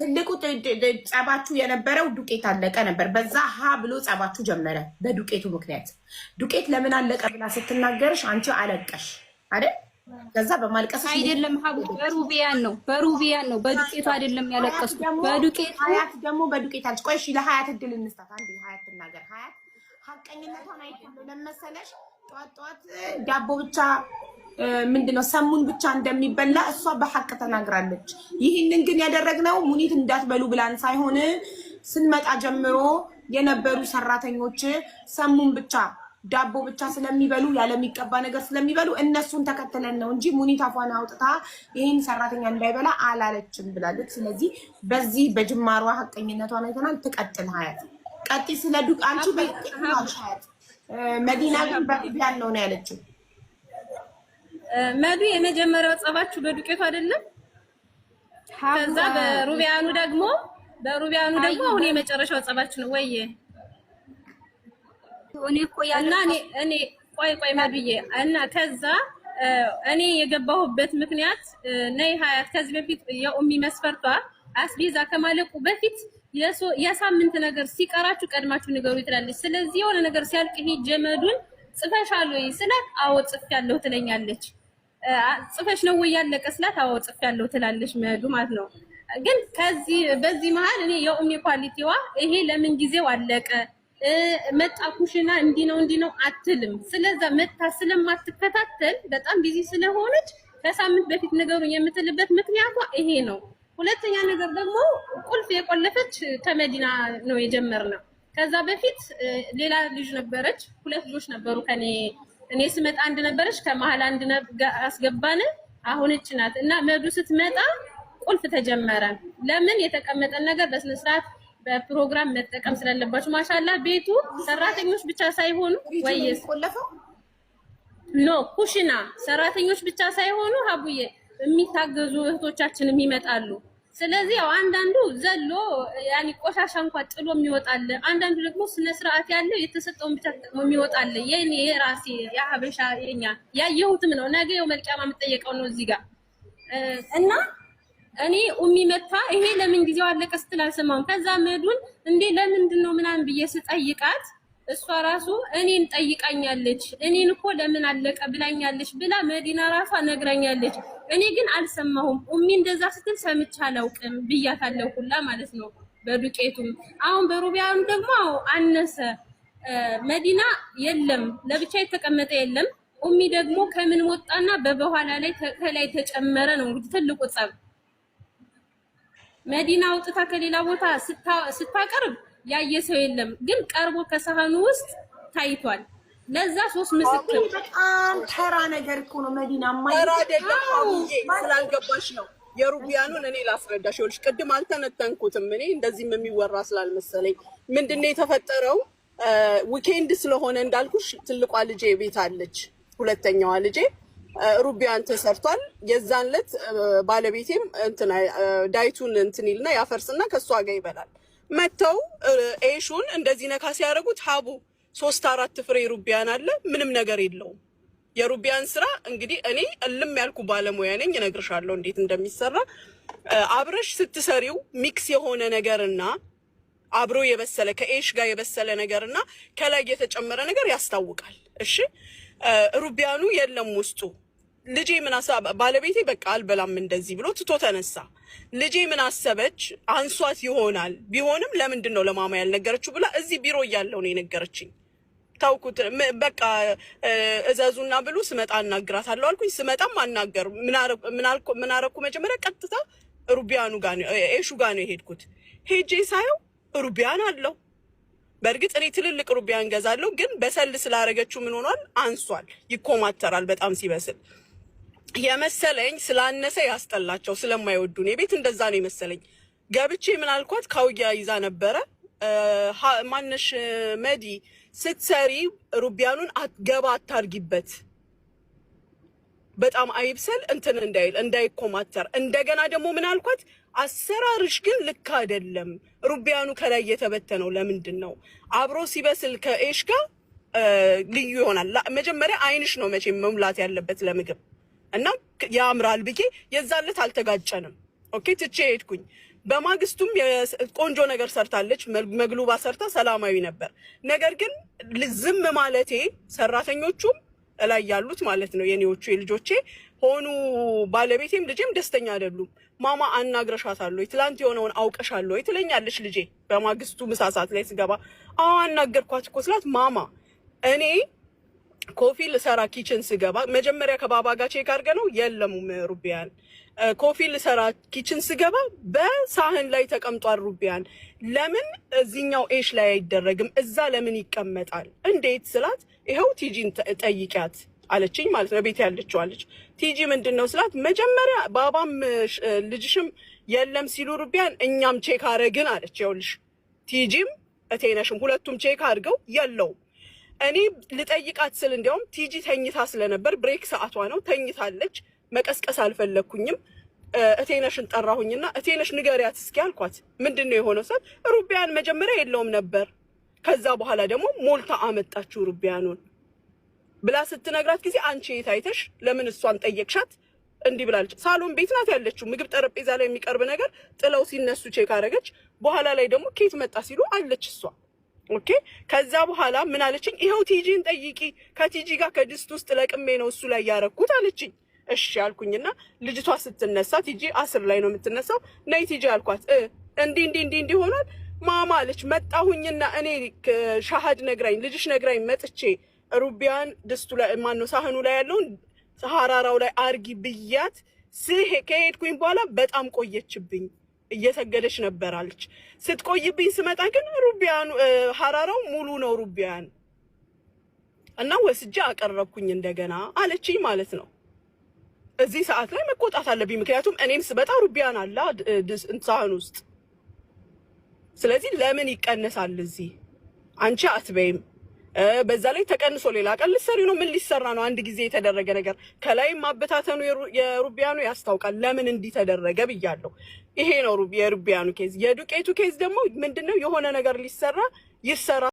ትልቁ ጸባችሁ የነበረው ዱቄት አለቀ ነበር። በዛ ሀ ብሎ ጸባችሁ ጀመረ በዱቄቱ ምክንያት። ዱቄት ለምን አለቀ ብላ ስትናገርሽ አንቺ አለቀሽ አይደል? ከዛ በማልቀስ አይደለም ሀቡ በሩቢያን ነው በሩቢያን ነው በዱቄቱ አይደለም ያለቀስኩት። በዱቄቱ ሀያት ደግሞ በዱቄት አልች። ቆይ ለሀያት እድል እንስጣት። አንድ ሀያት ትናገር። ሀያት ሀቀኝነቷን አይደለም መሰለሽ ጠዋት ጠዋት ዳቦ ብቻ ምንድነው ሰሙን ብቻ እንደሚበላ እሷ በሀቅ ተናግራለች። ይህንን ግን ያደረግነው ሙኒት እንዳትበሉ ብላን ሳይሆን ስንመጣ ጀምሮ የነበሩ ሰራተኞች ሰሙን ብቻ ዳቦ ብቻ ስለሚበሉ ያለሚቀባ ነገር ስለሚበሉ እነሱን ተከትለን ነው እንጂ ሙኒት አፏን አውጥታ ይህን ሰራተኛ እንዳይበላ አላለችም ብላለች። ስለዚህ በዚህ በጅማሯ ሀቀኝነቷን አይተናል። ትቀጥል ሀያት ቀጢ ስለ ዱቅ አንቺ በሀያት መዲና ግን ያለው ነው ያለችው መዱ የመጀመሪያው ጸባችሁ በዱቄቱ አይደለም? ከዛ በሩቢያኑ ደግሞ በሩቢያኑ ደግሞ አሁን የመጨረሻው ጸባችሁ ነው ወይ? እኔ እኮ ያና እኔ እኔ ቆይ ቆይ መዱዬ እና ከዛ እኔ የገባሁበት ምክንያት ነይ ሀያት ከዚህ በፊት የኡሚ መስፈርቷ አስቤዛ ከማለቁ በፊት የሳምንት ነገር ሲቀራችሁ ቀድማችሁ ንገሩ ትላለች። ስለዚህ የሆነ ነገር ሲያልቅ ሂጅ መዱን ጽፈሻል ወይ ስላት አዎ ጽፌያለሁ ትለኛለች። ጽፈሽ ነው ወይ ያለቀ ስላት፣ አዎ ጽፍ ያለው ትላለሽ መዱ ማለት ነው። ግን ከዚህ በዚህ መሀል እኔ የኦሚ ኳሊቲዋ ይሄ ለምን ጊዜው አለቀ መጣ ኩሽና እንዲህ ነው እንዲህ ነው አትልም። ስለዛ መጣ ስለማትከታተል በጣም ቢዚ ስለሆነች ከሳምንት በፊት ነገሩን የምትልበት ምክንያቷ ይሄ ነው። ሁለተኛ ነገር ደግሞ ቁልፍ የቆለፈች ከመዲና ነው የጀመርነው። ከዛ በፊት ሌላ ልጅ ነበረች፣ ሁለት ልጆች ነበሩ ከኔ እኔ ስመጣ አንድ ነበረች፣ ከመሀል አንድ አስገባን። አሁን እች ናት እና መዱ ስትመጣ ቁልፍ ተጀመረ። ለምን የተቀመጠን ነገር በስነ ስርዓት በፕሮግራም መጠቀም ስለለባችሁ። ማሻላ ቤቱ ሰራተኞች ብቻ ሳይሆኑ ወይስ ኖ ኩሽና ሰራተኞች ብቻ ሳይሆኑ ሀቡዬ የሚታገዙ እህቶቻችንም ይመጣሉ። ስለዚህ ያው አንዳንዱ ዘሎ ያኔ ቆሻሻ እንኳን ጥሎ የሚወጣለ፣ አንዳንዱ ደግሞ ስነ ስርዓት ያለው የተሰጠውን ብቻ ተጠቅሞ የሚወጣለ። የኔ የራሴ የሀበሻ የኛ ያየሁትም ነው። ነገ የው መልቀማ የምጠየቀው ነው እዚህ ጋር እና እኔ ኡሚ መታ ይሄ ለምን ጊዜው አለቀ ስትል አልሰማሁም። ከዛ መዱን እንዴ ለምንድን ነው ምናምን ብዬ ስጠይቃት እሷ ራሱ እኔን ጠይቃኛለች። እኔን እኮ ለምን አለቀ ብላኛለች ብላ መዲና ራሷ ነግራኛለች። እኔ ግን አልሰማሁም። ኡሚ እንደዛ ስትል ሰምቼ አላውቅም ብያታለሁ ሁላ ማለት ነው። በዱቄቱም አሁን በሩቢያም ደግሞ አነሰ መዲና የለም፣ ለብቻ የተቀመጠ የለም። ኡሚ ደግሞ ከምን ወጣና በበኋላ ላይ ከላይ ተጨመረ ነው እንግዲህ ትልቁ ጸብ። መዲና አውጥታ ከሌላ ቦታ ስታቀርብ ያየ ሰው የለም፣ ግን ቀርቦ ከሳህኑ ውስጥ ታይቷል። ለዛ ሶስት ምስክር በጣም ተራ ነገር እኮ ነው። መዲና ተራ አይደለም ስላልገባሽ ነው። የሩቢያኑን እኔ ላስረዳሽ። ይኸውልሽ ቅድም አልተነተንኩትም እኔ እንደዚህም የሚወራ ስላልመሰለኝ ምንድን ነው የተፈጠረው? ዊኬንድ ስለሆነ እንዳልኩሽ ትልቋ ልጄ ቤት አለች። ሁለተኛዋ ልጄ ሩቢያን ተሰርቷል። የዛን ዕለት ባለቤቴም ዳይቱን እንትን ይልና ያፈርስና ከእሷ ጋር ይበላል። መጥተው ኤሹን እንደዚህ ነካ ሲያደርጉት ሀቡ ሶስት አራት ፍሬ ሩቢያን አለ። ምንም ነገር የለውም። የሩቢያን ስራ እንግዲህ እኔ እልም ያልኩ ባለሙያ ነኝ፣ እነግርሻለሁ እንዴት እንደሚሰራ አብረሽ ስትሰሪው ሚክስ የሆነ ነገርና አብሮ የበሰለ ከኤሽ ጋር የበሰለ ነገርና ከላይ የተጨመረ ነገር ያስታውቃል። እሺ ሩቢያኑ የለም ውስጡ ልጄ ምን ባለቤቴ በቃ አልበላም እንደዚህ ብሎ ትቶ ተነሳ። ልጄ ምን አሰበች? አንሷት ይሆናል ቢሆንም ለምንድን ነው ለማማ ያልነገረችው ብላ እዚህ ቢሮ እያለው ነው የነገረችኝ። ታውኩት በቃ እዘዙና ብሉ፣ ስመጣ አናግራታለሁ አልኩኝ። ስመጣም አናገር ምን አረኩ? መጀመሪያ ቀጥታ ሩቢያኑ ጋ ኤሹ ጋ ነው የሄድኩት። ሄጄ ሳየው ሩቢያን አለው። በእርግጥ እኔ ትልልቅ ሩቢያን ገዛለሁ፣ ግን በሰል ስላረገችው ምን ሆኗል? አንሷል። ይኮማተራል በጣም ሲበስል የመሰለኝ ስላነሰ ያስጠላቸው ስለማይወዱን የቤት እንደዛ ነው የመሰለኝ። ገብቼ ምን አልኳት፣ ካውያ ይዛ ነበረ ማነሽ መዲ ስትሰሪ ሩቢያኑን ገባ አታርጊበት፣ በጣም አይብሰል እንትን እንዳይል እንዳይኮማተር። እንደገና ደግሞ ምን አልኳት፣ አሰራርሽ ግን ልክ አይደለም። ሩቢያኑ ከላይ የተበተነው ለምንድን ነው? አብሮ ሲበስል ከኤሽ ጋር ልዩ ይሆናል። መጀመሪያ አይንሽ ነው መቼ መሙላት ያለበት ለምግብ እና ያምራል ብዬ የዛን ዕለት አልተጋጨንም። ኦኬ ትቼ ሄድኩኝ። በማግስቱም ቆንጆ ነገር ሰርታለች። መግሉባ ሰርታ ሰላማዊ ነበር። ነገር ግን ዝም ማለቴ ሰራተኞቹም እላይ ያሉት ማለት ነው የኔዎቹ የልጆቼ ሆኑ ባለቤቴም ልጄም ደስተኛ አይደሉም። ማማ አናግረሻታለሁ ወይ ትላንት የሆነውን አውቀሻለሁ ወይ ትለኛለች ልጄ። በማግስቱ ምሳ ሰዓት ላይ ስገባ አዎ አናገርኳት እኮ ስላት ማማ እኔ ኮፊ ልሰራ ኪችን ስገባ መጀመሪያ ከባባ ጋር ቼክ አድርገ ነው የለም ሩቢያን ኮፊ ልሰራ ኪችን ስገባ በሳህን ላይ ተቀምጧል ሩቢያን ለምን እዚኛው ኤሽ ላይ አይደረግም እዛ ለምን ይቀመጣል እንዴት ስላት ይኸው ቲጂን ጠይቂያት አለችኝ ማለት ነው ቤት ያለችው አለች ቲጂ ምንድን ነው ስላት መጀመሪያ ባባም ልጅሽም የለም ሲሉ ሩቢያን እኛም ቼክ አረግን አለች ይኸውልሽ ቲጂም እቴነሽም ሁለቱም ቼክ አድርገው የለውም እኔ ልጠይቃት ስል እንዲያውም ቲጂ ተኝታ ስለነበር ብሬክ ሰዓቷ ነው ተኝታለች። መቀስቀስ አልፈለግኩኝም። እቴነሽን ጠራሁኝና እቴነሽ ንገሪያት እስኪ አልኳት። ምንድን ነው የሆነው ሰት ሩቢያን መጀመሪያ የለውም ነበር ከዛ በኋላ ደግሞ ሞልታ አመጣችው ሩቢያኑን ብላ ስትነግራት ጊዜ አንቺ የት አይተሽ ለምን እሷን ጠየቅሻት? እንዲህ ብላለች። ሳሎን ቤት ናት ያለችው። ምግብ ጠረጴዛ ላይ የሚቀርብ ነገር ጥለው ሲነሱ ቼክ አረገች። በኋላ ላይ ደግሞ ኬት መጣ ሲሉ አለች እሷ ኦኬ ከዛ በኋላ ምን አለችኝ? ይኸው ቲጂን ጠይቂ፣ ከቲጂ ጋር ከድስት ውስጥ ለቅሜ ነው እሱ ላይ ያረኩት አለችኝ። እሺ አልኩኝና ልጅቷ ስትነሳ ቲጂ አስር ላይ ነው የምትነሳው። ነይ ቲጂ አልኳት፣ እንዲህ እንዲህ እንዲህ እንዲህ ሆኗል ማማ አለች። መጣሁኝና እኔ ሻሃድ ነግራኝ ልጅሽ ነግራኝ መጥቼ ሩቢያን ድስቱ ላይ ማነው ሳህኑ ላይ ያለውን ሀራራው ላይ አርጊ ብያት ስሄ ከሄድኩኝ በኋላ በጣም ቆየችብኝ። እየሰገደች ነበር አለች። ስትቆይብኝ ስመጣ ግን ሩቢያኑ ሀራራው ሙሉ ነው ሩቢያን እና ወስጄ አቀረብኩኝ እንደገና አለችኝ ማለት ነው። እዚህ ሰዓት ላይ መቆጣት አለብኝ፣ ምክንያቱም እኔም ስመጣ ሩቢያን አለ ሳህን ውስጥ። ስለዚህ ለምን ይቀነሳል? እዚህ አንቺ አትበይም በዛ ላይ ተቀንሶ ሌላ ቀን ልትሰሪ ነው። ምን ሊሰራ ነው? አንድ ጊዜ የተደረገ ነገር ከላይ ማበታተኑ የሩቢያኑ ያስታውቃል። ለምን እንዲህ ተደረገ ብያለሁ። ይሄ ነው የሩቢያኑ ኬዝ። የዱቄቱ ኬዝ ደግሞ ምንድነው የሆነ ነገር ሊሰራ ይሰራ